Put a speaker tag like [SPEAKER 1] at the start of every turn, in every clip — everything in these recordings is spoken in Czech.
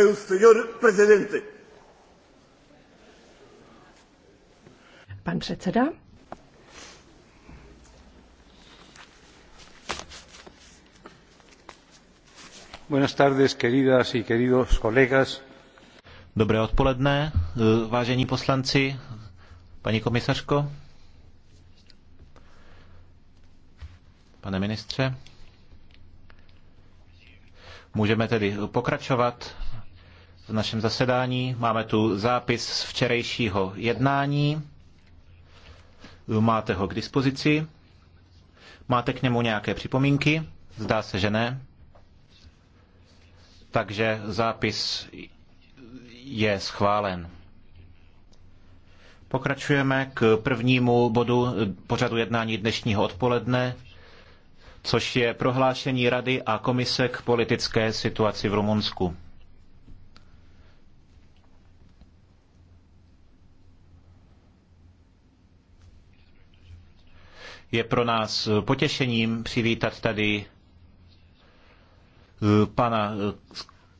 [SPEAKER 1] el señor presidente. Pan předseda. Buenas tardes, queridas y queridos colegas. Dobré odpoledne, eh, vážení poslanci, paní komisařko, pane ministře. Můžeme tedy pokračovat v našem zasedání. Máme tu zápis z včerejšího jednání. Máte ho k dispozici. Máte k němu nějaké připomínky? Zdá se, že ne. Takže zápis je schválen. Pokračujeme k prvnímu bodu pořadu jednání dnešního odpoledne, což je prohlášení Rady a komise k politické situaci v Rumunsku. Je pro nás potěšením přivítat tady eh, pana eh,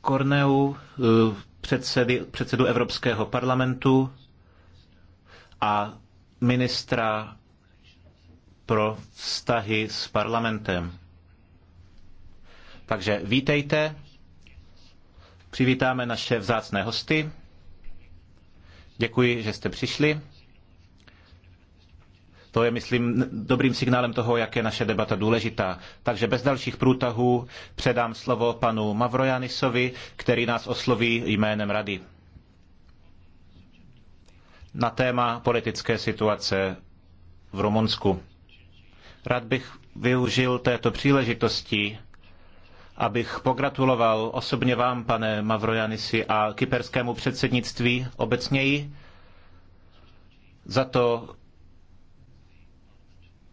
[SPEAKER 1] Korneu, eh, předsedy, předsedu Evropského parlamentu a ministra pro vztahy s parlamentem. Takže vítejte, přivítáme naše vzácné hosty. Děkuji, že jste přišli. To je, myslím, dobrým signálem toho, jak je naše debata důležitá. Takže bez dalších průtahů předám slovo panu Mavrojanisovi, který nás osloví jménem Rady na téma politické situace v Rumunsku. Rád bych využil této příležitosti, abych pogratuloval osobně vám, pane Mavrojanisi, a kyperskému předsednictví obecněji za to,